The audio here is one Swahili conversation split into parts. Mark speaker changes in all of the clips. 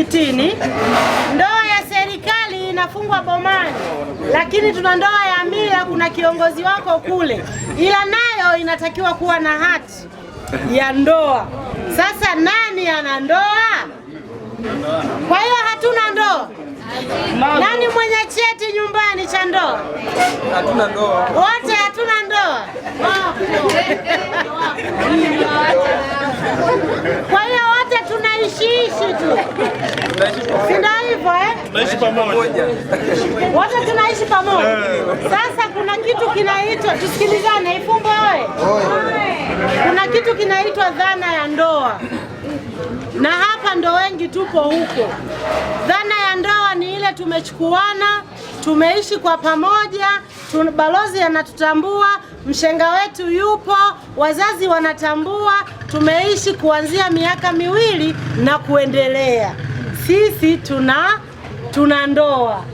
Speaker 1: msikitini. Ndoa ya serikali inafungwa bomani, lakini tuna ndoa ya mila, kuna kiongozi wako kule, ila nayo inatakiwa kuwa na hati ya ndoa. Sasa nani ana ndoa? Kwa hiyo hatuna ndoa. Nani mwenye cheti nyumbani cha ndoa? Hatuna ndoa. Wote hatuna ndoa. Kwa hiyo wote tunaishiishi tu, si ndio hivyo eh?
Speaker 2: Tunaishi pamoja
Speaker 1: wote tunaishi pamoja. Eh. Sasa kuna kitu kinaitwa, tusikilizane, Ifumbo oye kuna kitu kinaitwa dhana ya ndoa, na hapa ndo wengi tupo huko. Dhana ya ndoa ni ile tumechukuana, tumeishi kwa pamoja, balozi anatutambua, mshenga wetu yupo, wazazi wanatambua, tumeishi kuanzia miaka miwili na kuendelea. Sisi tuna tuna ndoa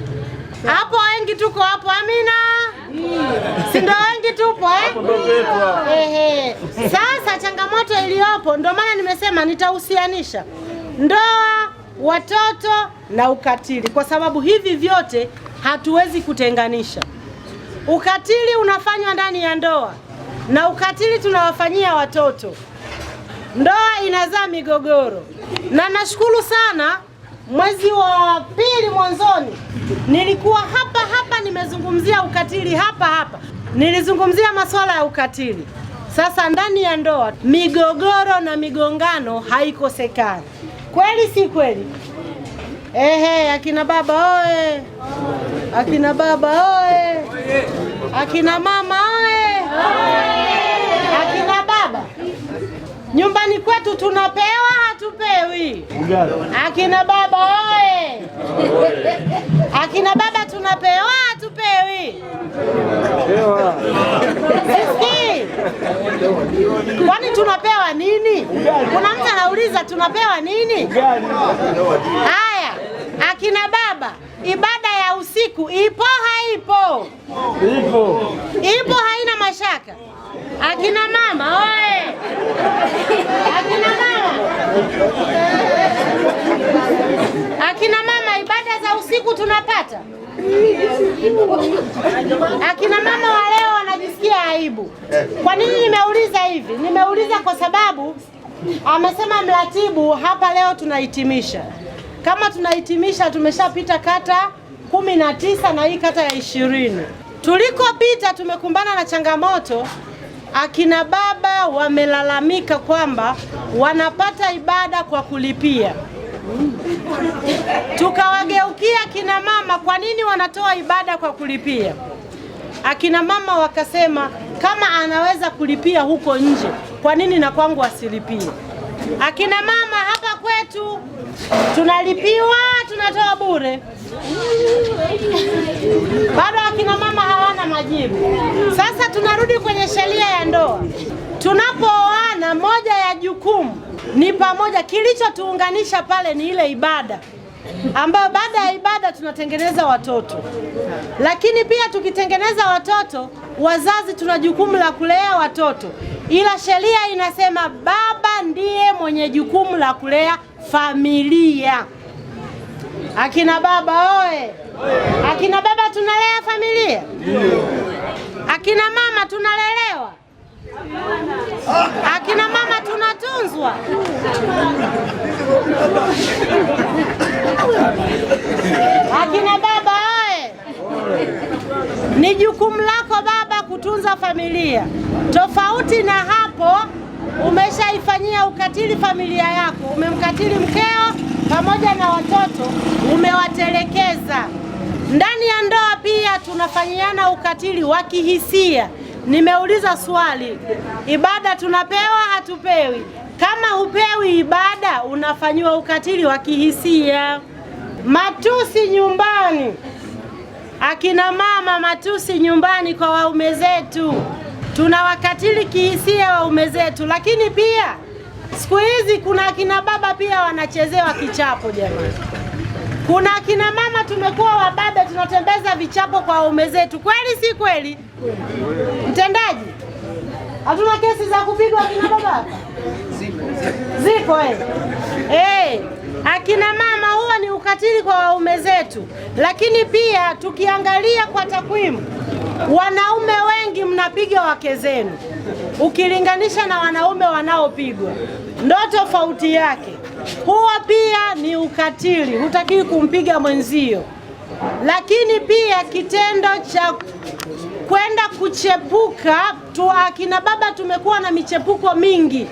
Speaker 1: hapo, wengi tuko hapo. Amina sindo wengi tupo eh? Ah. Sasa changamoto iliyopo, ndio maana nimesema nitahusianisha ndoa, watoto na ukatili, kwa sababu hivi vyote hatuwezi kutenganisha. Ukatili unafanywa ndani ya ndoa na ukatili tunawafanyia watoto. Ndoa inazaa migogoro, na nashukuru sana, mwezi wa pili mwanzoni nilikuwa hapa hapa nimezungumzia ukatili hapa hapa, nilizungumzia masuala ya ukatili. Sasa ndani ya ndoa migogoro na migongano haikosekani, kweli si kweli? Ehe, akina baba oe, akina baba oe, akina mama oe. Nyumbani kwetu tunapewa, hatupewi. Akina baba oye! Akina baba tunapewa, hatupewi. Kwani tunapewa nini? Kuna mtu anauliza tunapewa nini? Haya, akina baba, ibada ya usiku ipo, haipo? Ipo, haina mashaka. Akina mama oye! Akina mama, akina mama, ibada za usiku tunapata. Akina mama wa leo wanajisikia aibu. Kwa nini nimeuliza hivi? Nimeuliza kwa sababu amesema mratibu hapa leo tunahitimisha. Kama tunahitimisha, tumeshapita kata kumi na tisa na hii kata ya ishirini. Tulikopita tumekumbana na changamoto akina baba wamelalamika kwamba wanapata ibada kwa kulipia. Tukawageukia akina mama, kwa nini wanatoa ibada kwa kulipia? Akina mama wakasema kama anaweza kulipia huko nje, kwa nini na kwangu asilipie? Akina mama hapa kwetu tunalipiwa, tunatoa bure, bado akina mama majibu. Sasa tunarudi kwenye sheria ya ndoa. Tunapooana, moja ya jukumu ni pamoja, kilichotuunganisha pale ni ile ibada ambayo baada ya ibada tunatengeneza watoto, lakini pia tukitengeneza watoto, wazazi tuna jukumu la kulea watoto, ila sheria inasema baba ndiye mwenye jukumu la kulea familia. Akina baba oye! Akina baba tunalea familia, akina mama tunalelewa, akina mama tunatunzwa. Akina baba oye, ni jukumu lako baba kutunza familia. Tofauti na hapo, umeshaifanyia ukatili familia yako, umemkatili mkeo pamoja na watoto, umewatelekeza. Ndani ya ndoa pia tunafanyiana ukatili wa kihisia. Nimeuliza swali, ibada tunapewa hatupewi? Kama hupewi ibada, unafanyiwa ukatili wa kihisia. Matusi nyumbani, akina mama, matusi nyumbani kwa waume zetu, tunawakatili kihisia waume zetu. Lakini pia siku hizi kuna akina baba pia wanachezewa kichapo, jamani. Kuna kina mama tumekuwa wababe, tunatembeza vichapo kwa waume zetu, kweli si kweli? Mtendaji, hatuna kesi za kupigwa kina baba, ziko eh? Eh, akina mama, huo ni ukatili kwa waume zetu. Lakini pia tukiangalia kwa takwimu, wanaume wengi mnapiga wake zenu ukilinganisha na wanaume wanaopigwa, ndo tofauti yake huo pia ni ukatili, hutakiwi kumpiga mwenzio. Lakini pia kitendo cha kwenda kuchepuka tu, akina baba tumekuwa na michepuko mingi,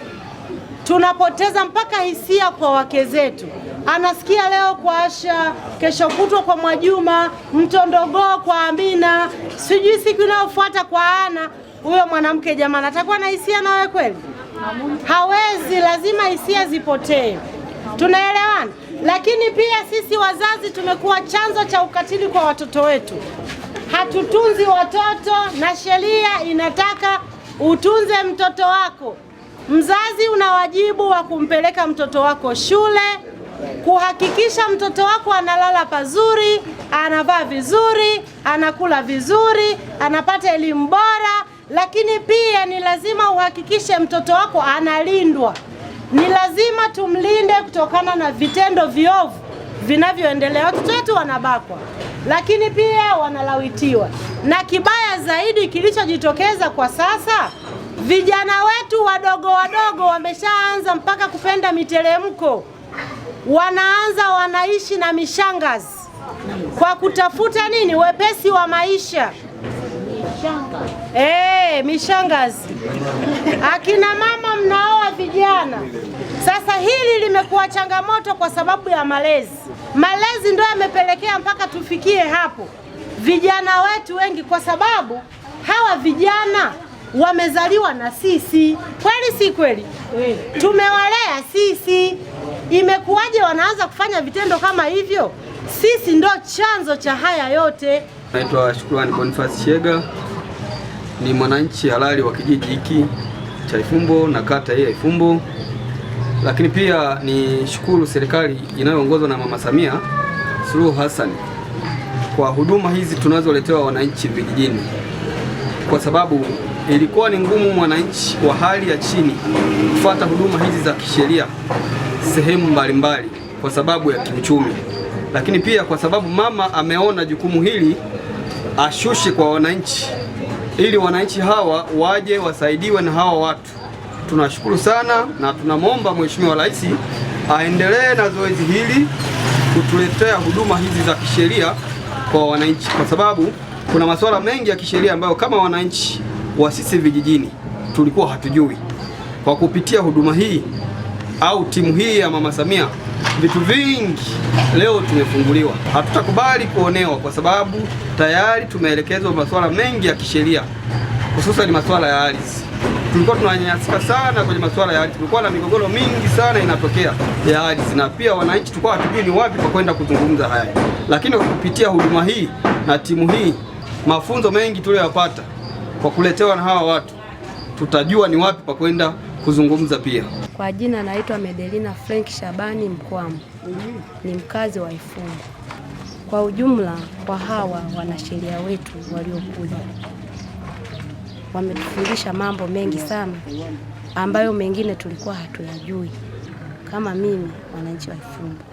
Speaker 1: tunapoteza mpaka hisia kwa wake zetu. Anasikia leo kwa Asha, kesho kutwa kwa Mwajuma, mtondogoo kwa Amina, sijui siku inayofuata kwa Ana. Huyo mwanamke jamani, atakuwa na hisia nawe kweli? Hawezi, lazima hisia zipotee tunaelewana. Lakini pia sisi wazazi tumekuwa chanzo cha ukatili kwa watoto wetu, hatutunzi watoto, na sheria inataka utunze mtoto wako. Mzazi una wajibu wa kumpeleka mtoto wako shule, kuhakikisha mtoto wako analala pazuri, anavaa vizuri, anakula vizuri, anapata elimu bora, lakini pia ni lazima uhakikishe mtoto wako analindwa. Ni lazima tumlinde kutokana na vitendo viovu vinavyoendelea. Watoto wetu wanabakwa, lakini pia wanalawitiwa, na kibaya zaidi kilichojitokeza kwa sasa, vijana wetu wadogo wadogo wameshaanza mpaka kupenda miteremko, wanaanza wanaishi na mishangazi kwa kutafuta nini? Wepesi wa maisha. Mishangazi, hey, eh, mishangazi akina mama mnaoa vijana. Sasa hili limekuwa changamoto kwa sababu ya malezi. Malezi ndio yamepelekea mpaka tufikie hapo, vijana wetu wengi, kwa sababu hawa vijana wamezaliwa na sisi, kweli si kweli? Tumewalea sisi, imekuwaje wanaanza kufanya vitendo kama hivyo? Sisi ndo chanzo cha haya yote.
Speaker 3: Naitwa Shukrani Bonifasi Shega, ni mwananchi halali wa kijiji hiki cha Ifumbo na kata hii ya Ifumbo, lakini pia ni shukuru serikali inayoongozwa na Mama Samia Suluhu Hassan kwa huduma hizi tunazoletewa wananchi vijijini, kwa sababu ilikuwa ni ngumu mwananchi wa hali ya chini kufuata huduma hizi za kisheria sehemu mbalimbali kwa sababu ya kiuchumi, lakini pia kwa sababu mama ameona jukumu hili ashushe kwa wananchi ili wananchi hawa waje wasaidiwe na hawa watu. Tunashukuru sana na tunamwomba Mheshimiwa Rais aendelee na zoezi hili kutuletea huduma hizi za kisheria kwa wananchi, kwa sababu kuna masuala mengi ya kisheria ambayo kama wananchi wa sisi vijijini tulikuwa hatujui. Kwa kupitia huduma hii au timu hii ya Mama Samia vitu vingi leo tumefunguliwa. Hatutakubali kuonewa, kwa sababu tayari tumeelekezwa masuala mengi ya kisheria, hususan masuala ya ardhi. Tulikuwa tunanyanyasika sana kwenye masuala ya ardhi, tulikuwa na migogoro mingi sana inatokea ya ardhi, na pia wananchi tulikuwa hatujui ni wapi kwa kwenda kuzungumza haya, lakini kwa kupitia huduma hii na timu hii, mafunzo mengi tuliyoyapata kwa kuletewa na hawa watu, tutajua ni wapi pa kwenda kuzungumza pia.
Speaker 4: Kwa jina naitwa Medelina Frank Shabani Mkwamu, ni mkazi wa Ifumbu. Kwa ujumla, kwa hawa wanasheria wetu waliokuja, wametufundisha mambo mengi sana ambayo mengine tulikuwa hatuyajui kama mimi wananchi wa Ifumbu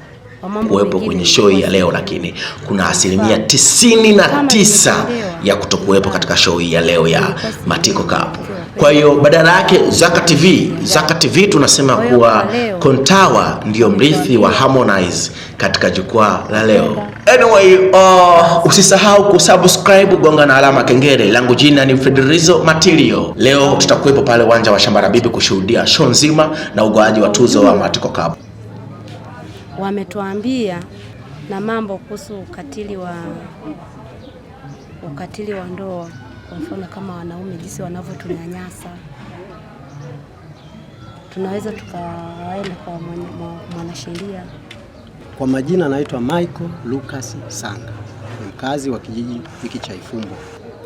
Speaker 5: kuwepo kwenye show ya leo, lakini kuna asilimia tisini na tisa ya kutokuwepo katika show hii ya leo ya Matiko Cup. Kwa hiyo badala yake Zaka TV, Zaka TV tunasema kuwa Kontawa ndio mrithi wa Harmonize katika jukwaa la leo. Anyway, uh, usisahau kusubscribe, gonga na alama kengele. Langu jina ni Federizo Matilio. Leo tutakuwepo pale uwanja wa Shamba la Bibi kushuhudia show nzima na ugawaji wa tuzo wa Matiko Cup.
Speaker 4: Wametuambia na mambo kuhusu ukatili wa ukatili wa ndoa kwa mfano kama wanaume, jinsi wanavyotunyanyasa, tunaweza tukaenda kwa mwanasheria.
Speaker 6: Kwa majina anaitwa Michael Lucas Sanga, ni mkazi wa kijiji hiki cha Ifumbo.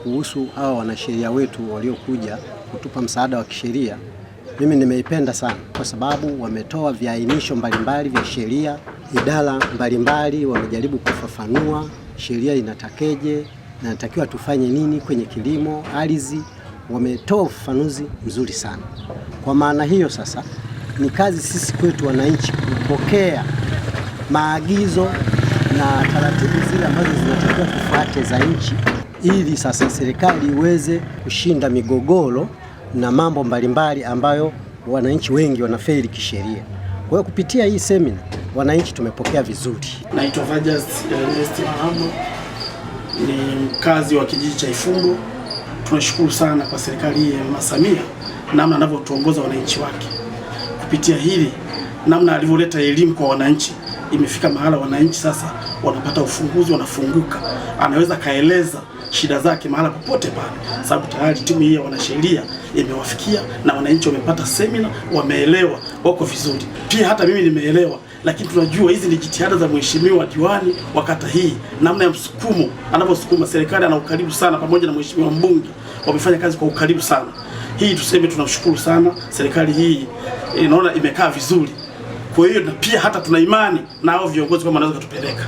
Speaker 6: Kuhusu hawa wanasheria wetu waliokuja kutupa msaada wa kisheria, mimi nimeipenda sana kwa sababu wametoa viainisho mbalimbali vya sheria, idara mbalimbali wamejaribu kufafanua sheria inatakeje na natakiwa tufanye nini kwenye kilimo, ardhi. Wametoa ufafanuzi mzuri sana. Kwa maana hiyo sasa, ni kazi sisi kwetu wananchi kupokea maagizo na taratibu zile ambazo zinatakiwa tufuate za nchi, ili sasa serikali iweze kushinda migogoro na mambo mbalimbali ambayo wananchi wengi wanafeli kisheria. Kwa hiyo kupitia hii semina wananchi tumepokea vizuri.
Speaker 7: Naitwa Vajas Ernest Mahambo ni mkazi wa kijiji cha Ifumbo. Tunashukuru sana kwa serikali ya Mama Samia namna anavyotuongoza wananchi wake kupitia hili, namna alivyoleta elimu kwa wananchi. Imefika mahala wananchi sasa wanapata ufunguzi, wanafunguka, anaweza kaeleza shida zake mahala popote pale, sababu tayari timu hii ya wanasheria imewafikia na wananchi wamepata semina, wameelewa, wako vizuri. Pia hata mimi nimeelewa lakini tunajua hizi ni jitihada za mheshimiwa diwani wa kata hii, namna ya msukumo anavyosukuma serikali, ana ukaribu sana, pamoja na mheshimiwa mbunge wamefanya kazi kwa ukaribu sana. Hii tuseme tunashukuru sana serikali hii, inaona e, imekaa vizuri. Kwa hiyo na pia hata tuna imani na hao viongozi kama wanaweza kutupeleka.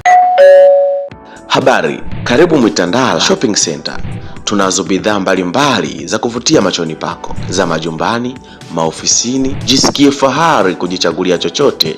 Speaker 8: Habari, karibu Mwitandala Shopping Center. Tunazo bidhaa mbalimbali za kuvutia machoni pako, za majumbani, maofisini. Jisikie fahari kujichagulia chochote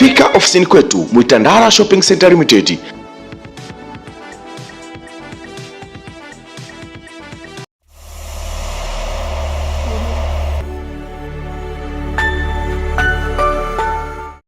Speaker 8: Fika ofisini kwetu Mwitandara Shopping Center Limited